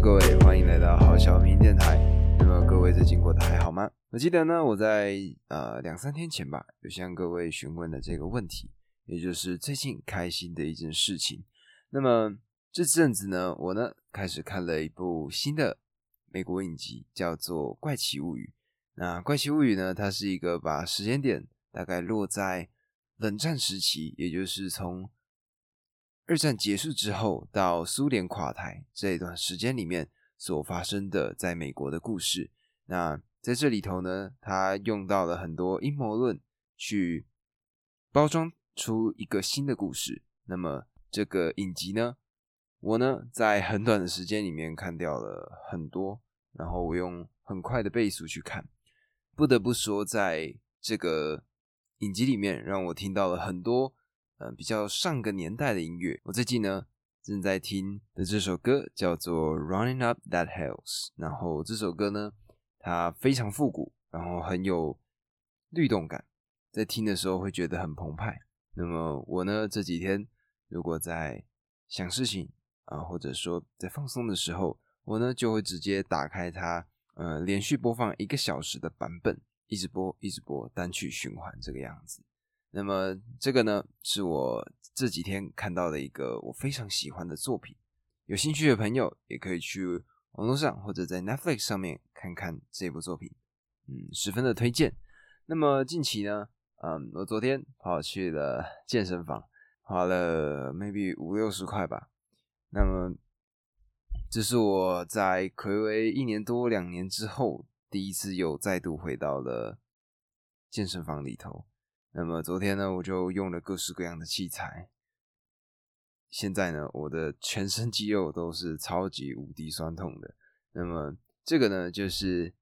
各位，歡迎來到豪洨迷因電台。那麼各位最近過得還好嗎？我記得呢，我在呃兩三天前吧，有向各位詢問了這個問題，也就是最近開心的一件事情。那麼這陣子呢，我呢開始看了一部新的美國影集，叫做《怪奇物語》。那《怪奇物語》呢，它是一個把時間點大概落在冷戰時期，也就是從二戰結束之後到蘇聯垮台這一段時間裡面所發生的在美國的故事，那在這裡頭呢，他用到了很多陰謀論去包裝出一個新的故事。那麼這個影集呢，我呢在很短的時間裡面看掉了很多，然後我用很快的倍速去看，不得不說，在這個影集裡面讓我聽到了很多。呃，比較上個年代的音樂。我最近呢正在聽的這首歌叫做《Running Up That Hill》，然後這首歌呢它非常復古，然後很有律動感，在聽的時候會覺得很澎湃。那麼我呢這幾天如果在想事情啊、呃，或者說在放鬆的時候，我呢就會直接打開它，呃，連續播放一個小時的版本，一直播一直播，單曲循環這個樣子。那麼這個呢，是我這幾天看到的一個我非常喜歡的作品，有興趣的朋友也可以去網絡上或者在 Netflix 上面看看這部作品，嗯，十分的推薦。那麼近期呢，嗯，我昨天跑去了健身房，花了 maybe 五六十塊吧。那麼這是我在 Covid 一年多兩年之後，第一次又再度回到了健身房裡頭。那麼昨天呢，我就用了各式各樣的器材。現在呢，我的全身肌肉都是超級無敵痠痛的。那麼這個呢，就是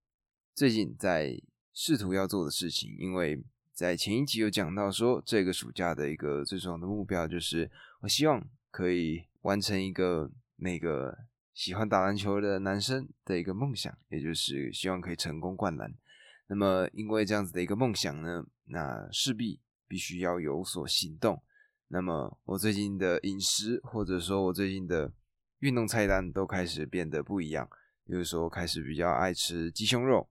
最近在試圖要做的事情。因為在前一集有講到說，這個暑假的一個最重要的目標就是，我希望可以完成一個那個喜歡打籃球的男生的一個夢想，也就是希望可以成功灌籃。那麼，因為這樣子的一個夢想呢，那勢必必須要有所行動。那麼，我最近的飲食，或者說我最近的運動菜單，都開始變得不一樣。就是說我開始比較愛吃雞胸肉，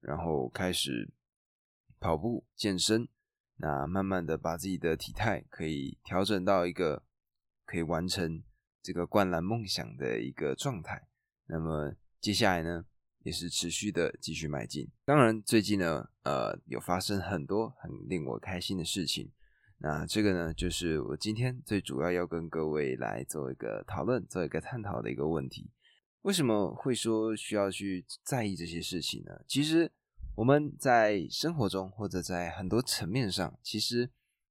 然後開始跑步健身，那慢慢的把自己的體態可以調整到一個可以完成這個灌籃夢想的一個狀態。那麼接下來呢，也是持續的繼續邁進。當然，最近呢，呃，有發生很多很令我開心的事情。那這個呢，就是我今天最主要要跟各位來做一個討論、做一個探討的一個問題：為什麼會說需要去在意這些事情呢？其實我們在生活中或者在很多層面上，其實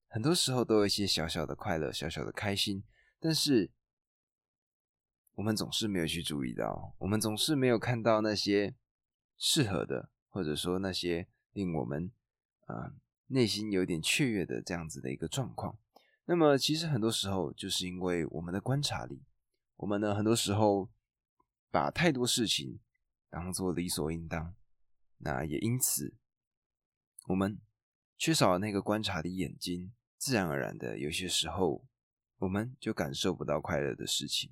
很多時候都有一些小小的快樂、小小的開心，但是我們總是沒有去注意到，我們總是沒有看到那些適合的，或者說那些令我們啊、呃、內心有點雀躍的這樣子的一個狀況。那麼，其實很多時候就是因為我們的觀察力，我們呢很多時候把太多事情當做理所應當，那也因此我們缺少了那個觀察的眼睛，自然而然的有些時候我們就感受不到快樂的事情。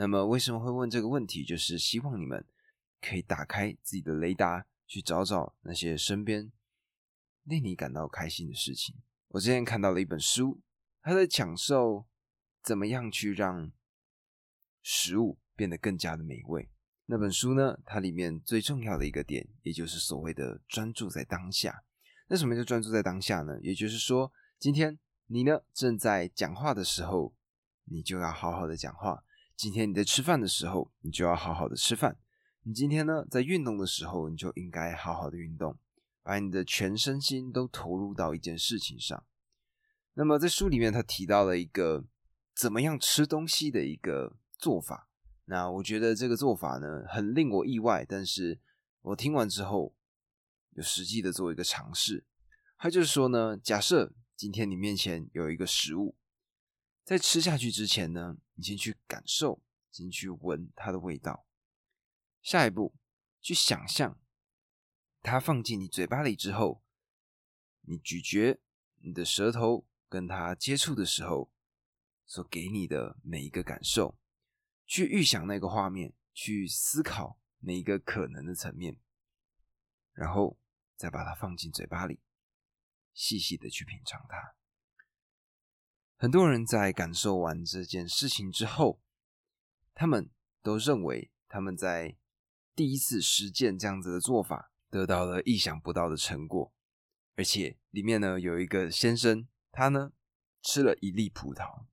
那麼為什麼會問這個問題？就是希望你們可以打開自己的雷達，去找找那些身邊令你感到開心的事情。我之前看到了一本書，它在講授怎麼樣去讓食物變得更加的美味。那本書呢，它裡面最重要的一個點，也就是所謂的專注在當下。那什麼叫專注在當下呢？也就是說，今天你呢正在講話的時候，你就要好好的講話。今天你在吃飯的時候，你就要好好的吃飯；你今天呢，在運動的時候，你就應該好好的運動，把你的全身心都投入到一件事情上。那麼在書裡面，他提到了一個怎麼樣吃東西的一個做法。那我覺得這個做法呢，很令我意外。但是我聽完之後，有實際的做一個嘗試。他就是說呢，假設今天你面前有一個食物。在吃下去之前呢，你先去感受，先去聞它的味道。下一步，去想象它放進你嘴巴裡之後，你咀嚼，你的舌頭跟它接觸的時候所給你的每一個感受，去預想那個畫面，去思考每一個可能的層面，然後再把它放進嘴巴裡，細細的去品嘗它。很多人在感受完這件事情之後，他們都認為他們在第一次實踐這樣子的做法得到了意想不到的成果，而且裡面呢有一個先生，他呢吃了一粒葡萄，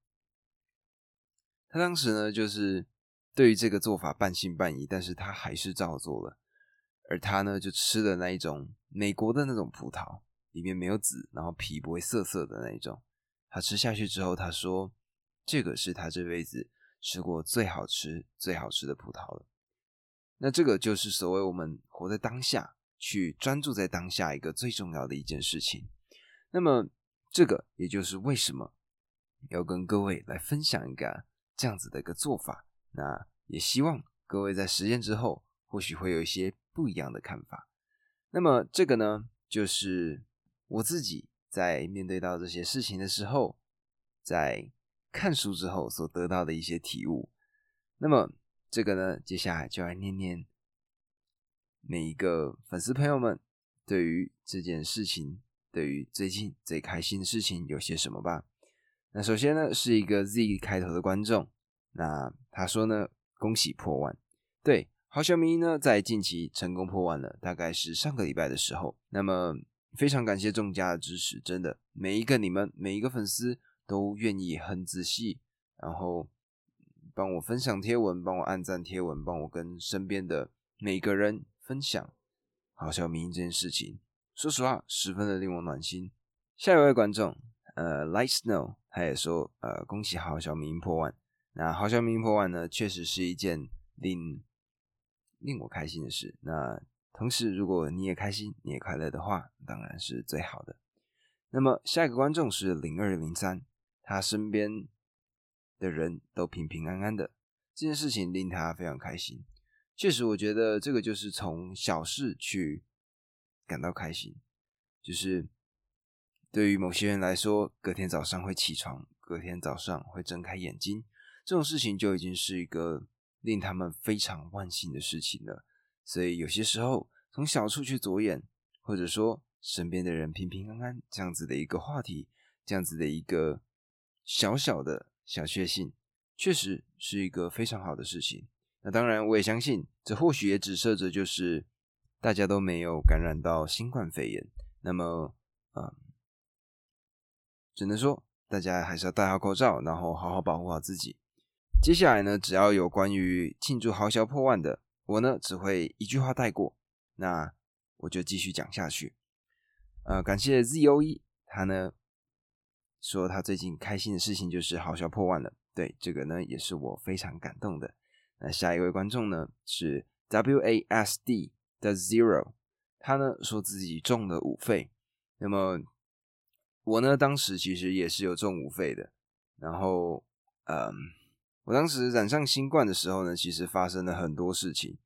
他當時呢就是對於這個做法半信半疑，但是他還是照做了，而他呢就吃了那一種美國的那種葡萄，裡面沒有籽，然後皮不會澀澀的那一種。他吃下去之後，他說：“這個是他這輩子吃過最好吃、最好吃的葡萄了。”那這個就是所謂我們活在當下，去專注在當下一個最重要的一件事情。那麼，這個也就是為什麼要跟各位來分享一個這樣子的一個做法。那也希望各位在實踐之後，或許會有一些不一樣的看法。那麼，這個呢，就是我自己。在面對到這些事情的時候，在看書之後所得到的一些體悟。那麼，這個呢，接下來就來念念每一個粉絲朋友們對於這件事情，對於最近最開心的事情有些什麼吧。那首先呢，是一個 Z 開頭的觀眾，那他說呢，恭喜破萬。對，豪洨迷因呢，在近期成功破萬了，大概是上個禮拜的時候。那麼。非常感謝眾家的支持，真的每一個你們，每一個粉絲都願意很仔細，然後幫我分享貼文，幫我按讚貼文，幫我跟身邊的每個人分享豪洨迷因這件事情，說實話十分的令我暖心。下一位觀眾，呃，Light Snow，他也說，呃，恭喜豪洨迷因破萬。那豪洨迷因破萬呢，確實是一件令令我開心的事。那同時，如果你也開心，你也快樂的話，當然是最好的。那麼，下一個觀眾是零二零三，他身邊的人都平平安安的，這件事情令他非常開心。確實，我覺得這個就是從小事去感到開心，就是對於某些人來說，隔天早上會起床，隔天早上會睜開眼睛，這種事情就已經是一個令他們非常萬幸的事情了。所以有些時候從小處去着眼，或者說身邊的人平平安安，這樣子的一個話題，這樣子的一個小小的、小確幸，確實是一個非常好的事情。那當然，我也相信這或許也折射着就是大家都沒有感染到新冠肺炎。那麼，嗯、呃，只能說大家還是要戴好口罩，然後好好保護好自己。接下來呢，只要有關於慶祝豪洨破萬的。我呢只會一句話帶過，那我就繼續講下去。呃，感謝 ZOE，他呢說他最近開心的事情就是豪洨破萬了。對，這個呢也是我非常感動的。那下一位觀眾呢是 WASD 的 Zero，他呢說自己中了五費。那麼我呢當時其實也是有中五費的，然後嗯。呃我當時染上新冠的時候呢，其實發生了很多事情。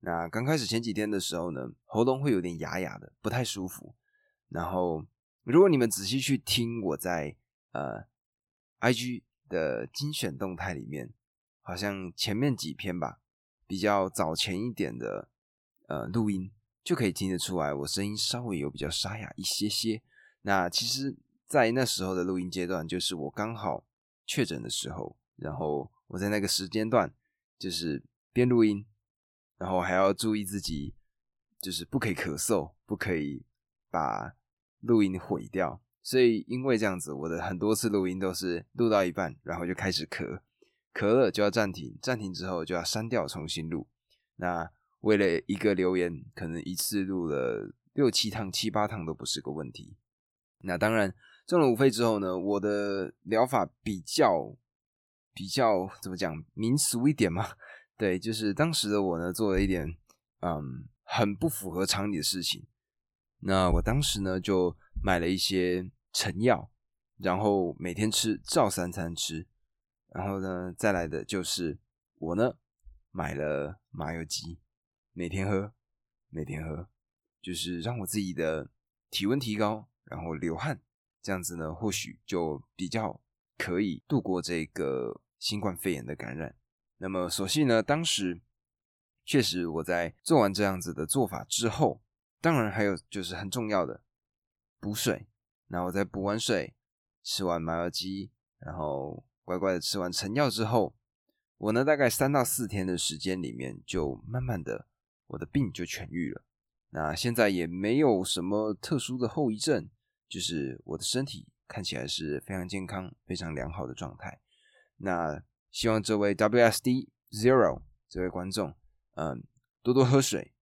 那剛開始前幾天的時候呢，喉嚨會有點啞啞的，不太舒服。然後，如果你們仔細去聽我在呃 IG 的精選動態裡面，好像前面幾篇吧，比較早前一點的呃錄音，就可以聽得出來，我聲音稍微有比較沙啞一些些。那其實，在那時候的錄音階段，就是我剛好確診的時候，然後。我在那個時間段，就是邊錄音，然後還要注意自己，就是不可以咳嗽，不可以把錄音毀掉。所以因為這樣子，我的很多次錄音都是錄到一半，然後就開始咳，咳了就要暫停，暫停之後就要刪掉重新錄。那為了一個留言，可能一次錄了六七趟、七八趟都不是個問題。那當然，中了武肺之後呢，我的療法比較。比較怎麼講民俗一點嘛。對，就是當時的我呢，做了一點嗯很不符合常理的事情。那我當時呢，就買了一些成藥，然後每天吃，照三餐吃。然後呢，再來的就是我呢，買了麻油雞，每天喝，每天喝，就是讓我自己的體溫提高，然後流汗，這樣子呢，或許就比較可以度過這個，新冠肺炎的感染，那麼所幸呢，當時確實我在做完這樣子的做法之後，當然還有就是很重要的補水。那我在補完水、吃完麻油雞，然後乖乖的吃完成藥之後，我呢大概三到四天的時間裡面，就慢慢的我的病就痊癒了。那現在也沒有什麼特殊的後遺症，就是我的身體看起來是非常健康、非常良好的狀態。那希望這位 WSD Zero 這位觀眾，嗯，多多喝水，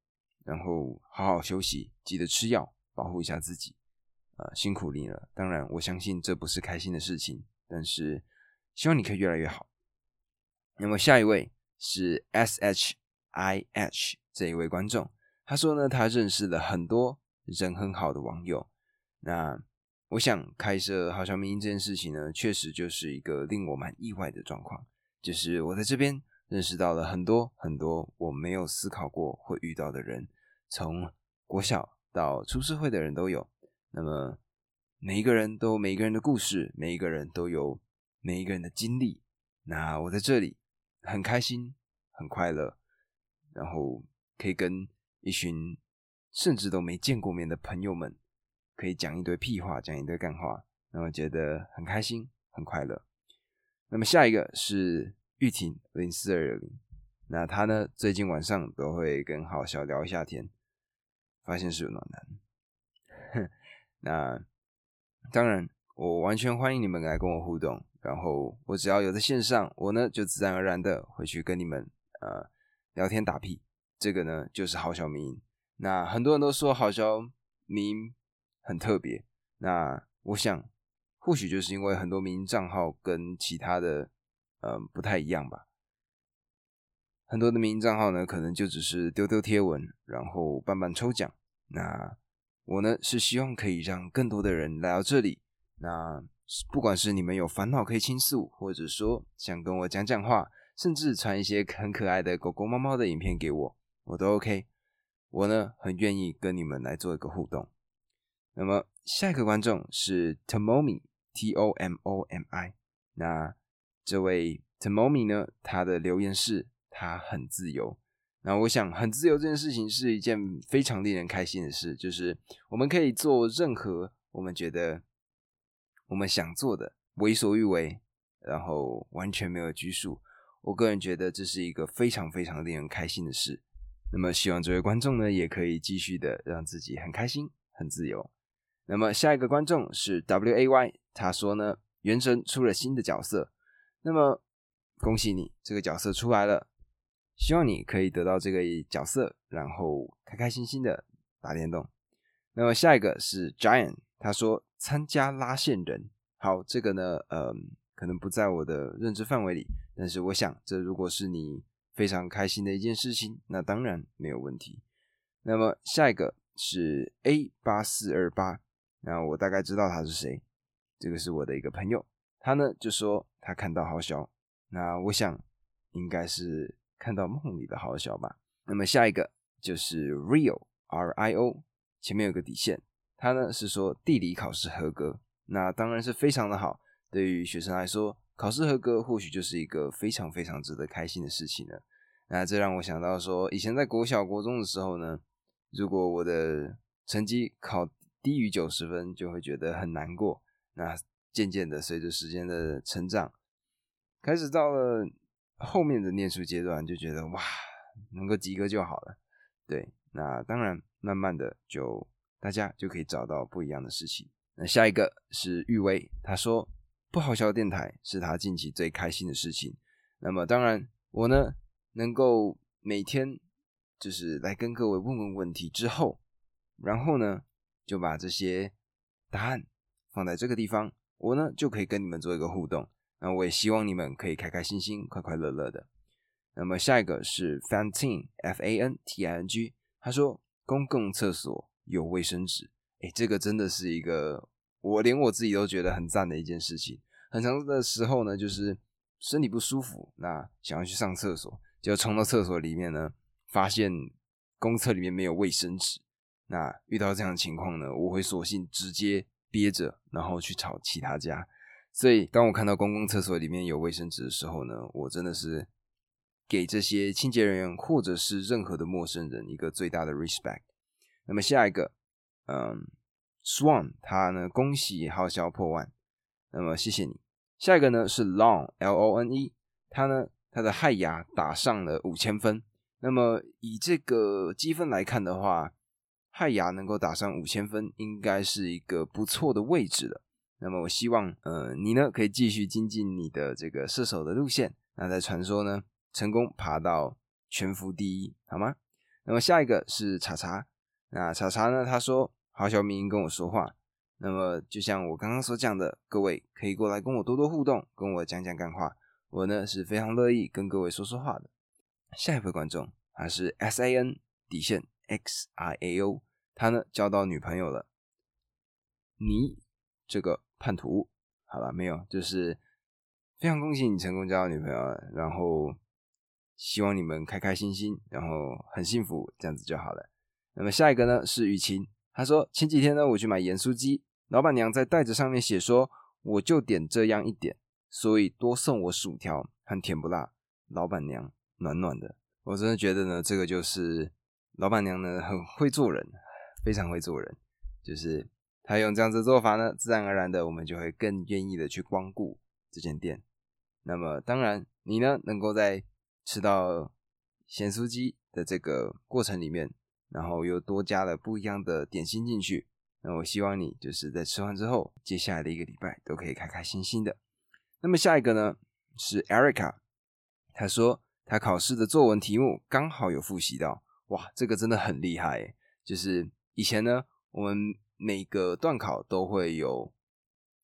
然後好好休息，記得吃藥，保護一下自己。呃、嗯，辛苦你了。當然，我相信這不是開心的事情，但是希望你可以越來越好。那麼下一位是 SHIH 這一位觀眾，他說呢，他認識了很多人很好的網友。那我想開設豪洨迷因這件事情呢，確實就是一個令我蠻意外的狀況。就是我在這邊認識到了很多很多我沒有思考過會遇到的人，從國小到出社會的人都有。那麼每一個人都有每一個人的故事，每一個人都有每一個人的經歷。那我在這裡很開心，很快樂，然後可以跟一群甚至都沒見過面的朋友們。可以講一堆屁話，講一堆幹話，那我覺得很開心，很快樂。那麼下一個是玉婷零四二零，那他呢，最近晚上都會跟豪洨聊一下天，發現是有暖男。 那當然，我完全歡迎你們來跟我互動，然後我只要有在線上，我呢就自然而然的回去跟你們啊、呃、聊天打屁。這個呢就是豪洨明，那很多人都說豪洨明很特別，那我想，或許就是因為很多迷因賬號跟其他的，嗯，不太一樣吧。很多的迷因賬號呢，可能就只是丟丟貼文，然後辦辦抽獎。那我呢，是希望可以讓更多的人來到這裡。那不管是你們有煩惱可以傾訴，或者說想跟我講講話，甚至傳一些很可愛的狗狗、貓貓的影片給我，我都 OK。我呢，很願意跟你們來做一個互動。那麼下一個觀眾是 Tomomi T-O-M-O-M-I。那這位 Tomomi 呢？他的留言是：他很自由。那我想，很自由這件事情是一件非常令人開心的事，就是我們可以做任何我們覺得我們想做的，為所欲為，然後完全沒有拘束。我個人覺得這是一個非常非常令人開心的事。那麼希望這位觀眾呢，也可以繼續的讓自己很開心、很自由。那麼下一個觀眾是 WAY，他說呢，原神出了新的角色，那麼恭喜你，這個角色出來了，希望你可以得到這個角色，然後開開心心的打電動。那麼下一個是 Giant，他說參加拉線人，好，這個呢，呃，可能不在我的認知範圍裡，但是我想，這如果是你非常開心的一件事情，那當然沒有問題。那麼下一個是 A 八四二八。那我大概知道他是誰，這個是我的一個朋友，他呢就說他看到豪洨，那我想應該是看到夢裡的豪洨吧。那麼下一個就是 Rio R I O，前面有個底線，他呢是說地理考試合格，那當然是非常的好，對於學生來說，考試合格或許就是一個非常非常值得開心的事情呢。那這讓我想到說，以前在國小國中的時候呢，如果我的成績考。低於九十分就會覺得很難過，那漸漸的，隨着時間的成長，開始到了後面的念書階段，就覺得哇，能夠及格就好了。對，那當然，慢慢的就大家就可以找到不一樣的事情。那下一個是玉薇，他說不好笑電台是他近期最開心的事情。那麼當然，我呢能夠每天就是來跟各位問問問題之後，然後呢。就把這些答案放在這個地方，我呢就可以跟你們做一個互動。那我也希望你們可以開開心心、快快樂樂的。那麼下一個是 Fanting F A N T I N G，他說公共廁所有衛生紙，誒、欸，這個真的是一個我連我自己都覺得很讚的一件事情。很長的時候呢，就是身體不舒服，那想要去上廁所，就衝到廁所裡面呢，發現公廁裡面沒有衛生紙。那遇到這樣的情況呢，我會索性直接憋着，然後去吵其他家。所以，當我看到公共廁所裡面有衛生紙的時候呢，我真的是給這些清潔人員或者是任何的陌生人一個最大的 respect。那麼下一個，嗯，Swan 他呢，恭喜豪洨破萬。那麼謝謝你。下一個呢是 Long L O N E，他呢，他的害牙打上了五千分。那麼以這個積分來看的話，太陽能夠打上五千分，應該是一個不錯的位置了。那麼我希望，呃，你呢可以繼續精進你的這個射手的路線，那在傳說呢成功爬到全服第一，好嗎？那麼下一個是查查，那查查呢他說好，小明跟我說話。那麼就像我剛剛所講的，各位可以過來跟我多多互動，跟我講講幹話，我呢是非常樂意跟各位說說話的。下一位觀眾他是 S A N 底線 X I A O。他呢，交到女朋友了。你這個叛徒，好了沒有？就是非常恭喜你成功交到女朋友了，然後希望你們開開心心，然後很幸福，這樣子就好了。那麼下一個呢是雨晴，她說前幾天呢我去買鹽酥雞，老闆娘在袋子上面寫說我就點這樣一點，所以多送我薯條，很甜不辣。老闆娘暖暖的，我真的覺得呢，這個就是老闆娘呢很會做人。非常會做人，就是他用這樣子的做法呢，自然而然的我們就會更願意的去光顧這間店。那麼當然，你呢能夠在吃到鹹酥雞的這個過程裡面，然後又多加了不一樣的點心進去，那我希望你就是在吃完之後，接下來的一個禮拜都可以開開心心的。那麼下一個呢是 Erica，他說他考試的作文題目剛好有複習到，哇，這個真的很厲害耶，就是。以前呢，我們每個段考都會有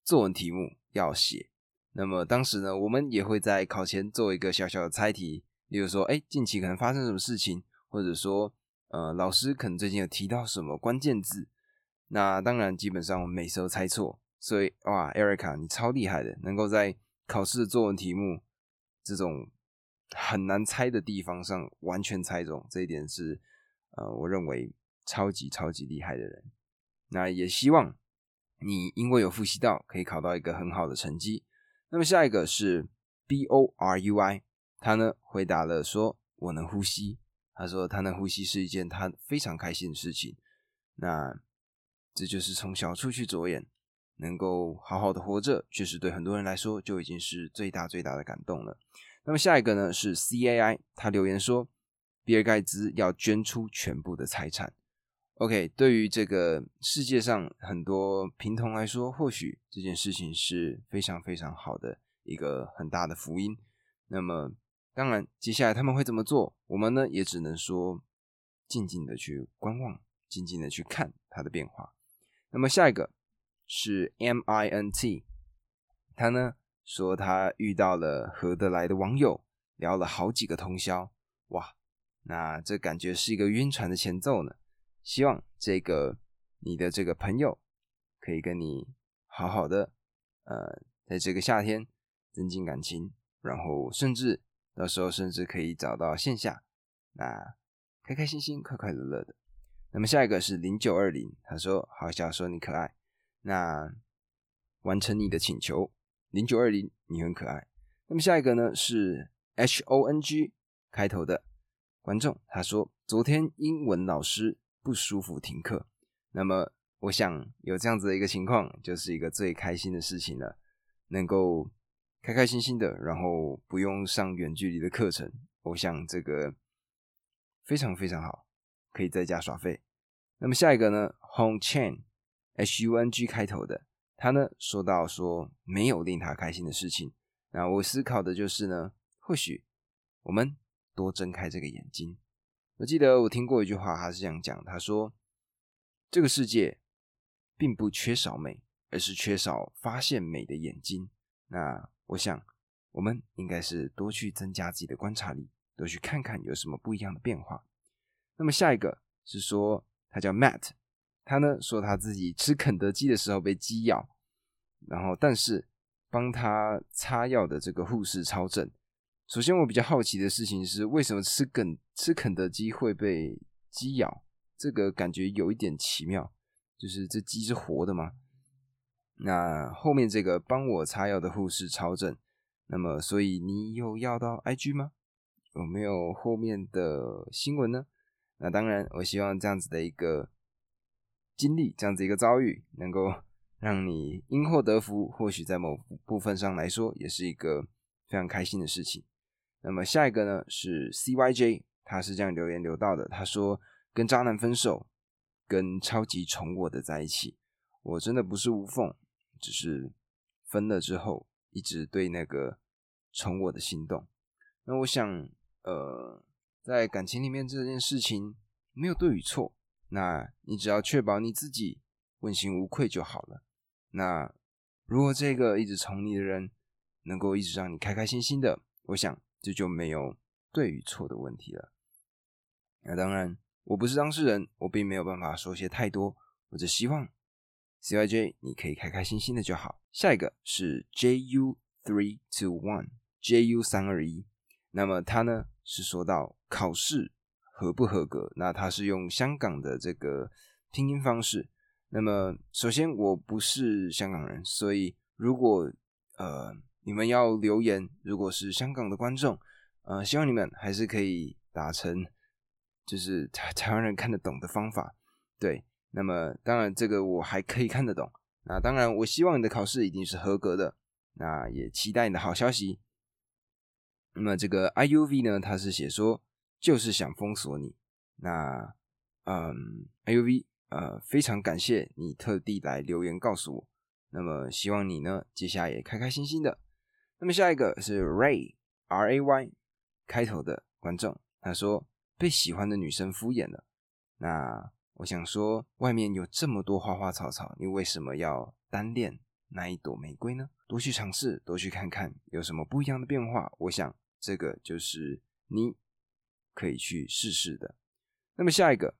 作文題目要寫，那麼當時呢，我們也會在考前做一個小小的猜題，例如說，哎、欸，近期可能發生什麼事情，或者說，呃，老師可能最近有提到什麼關鍵字。那當然，基本上我們每次都猜錯，所以哇，Erica，你超厲害的，能夠在考試的作文題目這種很難猜的地方上完全猜中，這一點是，呃，我認為。超級超級厲害的人，那也希望你因為有複習到，可以考到一個很好的成績。那麼下一個是 B O R U I，他呢回答了說：“我能呼吸。”他說：“他能呼吸是一件他非常開心的事情。”那這就是從小處去着眼，能夠好好的活着，確實對很多人來說就已經是最大最大的感動了。那麼下一個呢是 C A I，他留言說：“比爾蓋茨要捐出全部的財產。” OK，對於這個世界上很多貧童來說，或許這件事情是非常非常好的一個很大的福音。那麼，當然接下來他們會怎麼做，我們呢也只能說靜靜的去觀望，靜靜的去看它的變化。那麼下一個是 MINT，他呢說他遇到了合得來的網友，聊了好幾個通宵。哇，那這感覺是一個暈船的前奏呢。希望這個你的這個朋友可以跟你好好的，呃，在這個夏天增進感情，然後甚至到時候甚至可以找到線下，那開開心心、快快樂樂的。那麼下一個是零九二零，他說好想說你可愛，那完成你的請求，零九二零你很可愛。那麼下一個呢是 H O N G 開頭的觀眾，他說昨天英文老師。不舒服停課，那麼我想有這樣子的一個情況，就是一個最開心的事情了，能夠開開心心的，然後不用上遠距離的課程，我想這個非常非常好，可以在家耍廢。那麼下一個呢，Hong Chen, h m n Chen，H U N G 開頭的，他呢說到說沒有令他開心的事情，那我思考的就是呢，或許我們多睜開這個眼睛。我記得我聽過一句話，他是這樣講，他說：“這個世界並不缺少美，而是缺少發現美的眼睛。”那我想，我們應該是多去增加自己的觀察力，多去看看有什麼不一樣的變化。那麼下一個是說，他叫 Matt，他呢說他自己吃肯德基的時候被雞咬，然後但是幫他擦藥的這個護士超正。首先，我比較好奇的事情是，為什麼吃肯吃肯德基會被雞咬？這個感覺有一點奇妙，就是這雞是活的嗎？那後面這個幫我擦藥的護士超正。那麼，所以你有要到 IG 嗎？有沒有後面的新聞呢？那當然，我希望這樣子的一個經歷，這樣子一個遭遇，能夠讓你因禍得福。或許在某部分上來說，也是一個非常開心的事情。那麼下一個呢是 CYJ，他是這樣留言留到的，他說，跟渣男分手，跟超級寵我的在一起，我真的不是無縫，只是分了之後一直對那個寵我的心動。那我想，呃，在感情裡面這件事情沒有對與錯，那你只要確保你自己問心無愧就好了。那如果這個一直寵你的人能夠一直讓你開開心心的，我想。這就，就沒有對與錯的問題了。那當然，我不是當事人，我並沒有辦法說些太多。我只希望 C Y J 你可以開開心心的就好。下一個是 J U Three Two One J U 三二一，那麼他呢是說到考試合不合格。那他是用香港的這個拼音方式。那麼首先我不是香港人，所以如果呃。你們要留言，如果是香港的觀眾，呃，希望你們還是可以打成，就是台台灣人看得懂的方法，對。那麼當然這個我還可以看得懂，那當然我希望你的考試一定是合格的，那也期待你的好消息。那麼這個 IUV 呢，他是寫說就是想封鎖你，那嗯，IUV 呃，非常感謝你特地來留言告訴我，那麼希望你呢接下來也開開心心的。那麼下一個是 Ray，R A Y 開頭的觀眾，他說被喜歡的女生敷衍了。那我想說，外面有這麼多花花草草，你為什麼要單戀那一朵玫瑰呢？多去嘗試，多去看看有什麼不一樣的變化。我想這個就是你可以去試試的。那麼下一個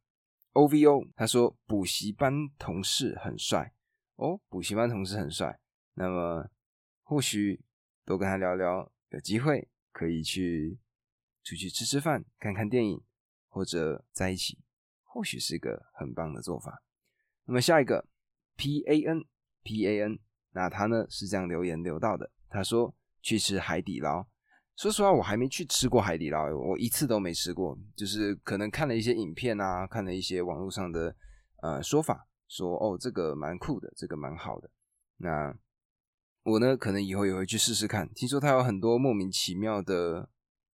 O V O，他說補習班同事很帥哦，補習班同事很帥。那麼或許。多跟他聊聊，有機會可以去出去吃吃飯、看看電影，或者在一起，或許是一個很棒的做法。那麼下一個，P A N P A N，那他呢是這樣留言留到的，他說去吃海底撈。說實話，我還沒去吃過海底撈，我一次都沒吃過。就是可能看了一些影片啊，看了一些網絡上的呃說法，說哦這個蠻酷的，這個蠻好的。那我呢，可能以後也會去試試看。聽說他有很多莫名其妙的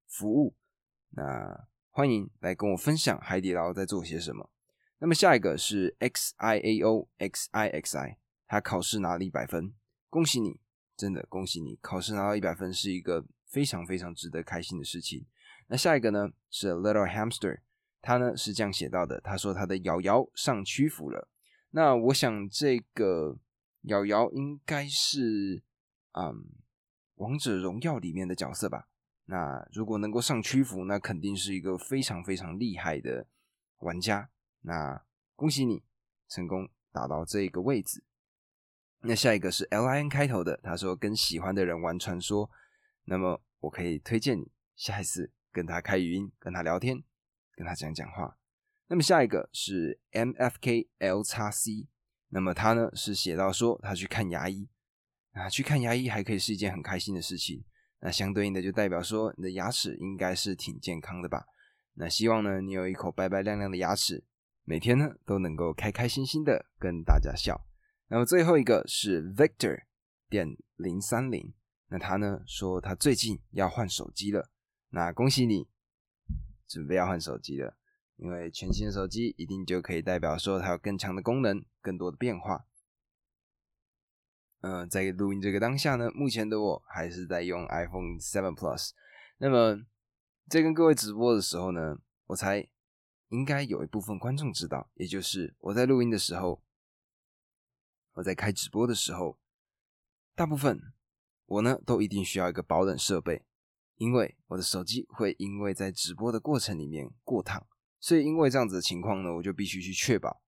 服務，那歡迎來跟我分享海底撈在做些什麼。那麼下一個是 XIAOXIXI，他考試拿了一百分，恭喜你！真的恭喜你，考試拿到一百分是一個非常非常值得開心的事情。那下一個呢是 A Little Hamster，他呢是這樣寫到的：他說他的瑤瑤上屈服了。那我想這個。瑤瑤應該是，嗯，《王者榮耀》裡面的角色吧。那如果能夠上區服，那肯定是一個非常非常厲害的玩家。那恭喜你成功達到這個位置。那下一個是 L I N 開頭的，他說跟喜歡的人玩傳說。那麼我可以推薦你下一次跟他開語音，跟他聊天，跟他講講話。那麼下一個是 M F K L 叉 C。那麼他呢是寫到說他去看牙醫啊，那去看牙醫還可以是一件很開心的事情。那相對應的就代表說你的牙齒應該是挺健康的吧？那希望呢你有一口白白亮亮的牙齒，每天呢都能夠開開心心的跟大家笑。那麼最後一個是 Victor 點零三零，那他呢說他最近要換手機了，那恭喜你，準備要換手機了。因為全新的手機一定就可以代表說它有更強的功能、更多的變化。嗯、呃，在錄音這個當下呢，目前的我還是在用 iPhone 7 Plus。那麼在跟各位直播的時候呢，我猜應該有一部分觀眾知道，也就是我在錄音的時候，我在開直播的時候，大部分我呢都一定需要一個保冷設備，因為我的手機會因為在直播的過程裡面過燙。所以，因為這樣子的情況呢，我就必須去確保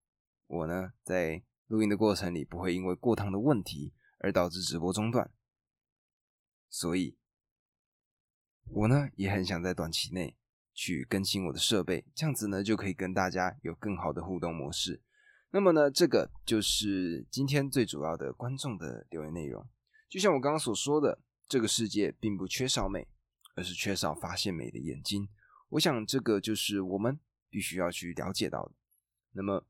我呢在錄音的過程裡不會因為過燙的問題而導致直播中斷。所以，我呢也很想在短期內去更新我的設備，這樣子呢就可以跟大家有更好的互動模式。那麼呢，這個就是今天最主要的觀眾的留言內容。就像我剛剛所說的，這個世界並不缺少美，而是缺少發現美的眼睛。我想，這個就是我們。必須要去了解到的。那麼，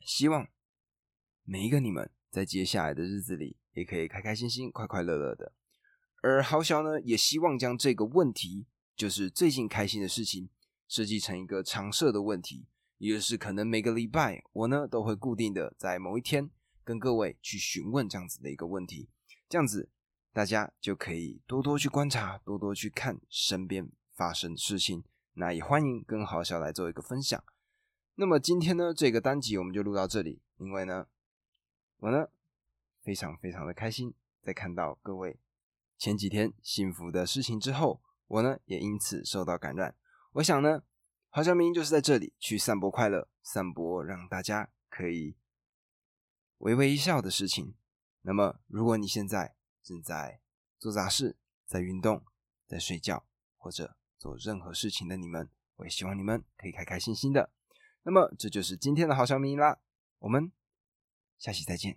希望每一個你們在接下來的日子裡也可以開開心心、快快樂樂的。而豪洨呢，也希望將這個問題，就是最近開心的事情，設計成一個常設的問題，也就是可能每個禮拜我呢都會固定的在某一天跟各位去詢問這樣子的一個問題。這樣子大家就可以多多去觀察，多多去看身邊發生的事情。那也歡迎跟豪洨來做一個分享。那麼今天呢，這個單集我們就錄到這裡。因為呢，我呢非常非常的開心，在看到各位前幾天幸福的事情之後，我呢也因此受到感染。我想呢，好像明明就是在這裡去散播快樂，散播讓大家可以微微一笑的事情。那麼如果你現在正在做雜事、在運動、在睡覺或者。做任何事情的你們，我也希望你們可以開開心心的。那麼，這就是今天的豪洨迷因啦，我們下期再見。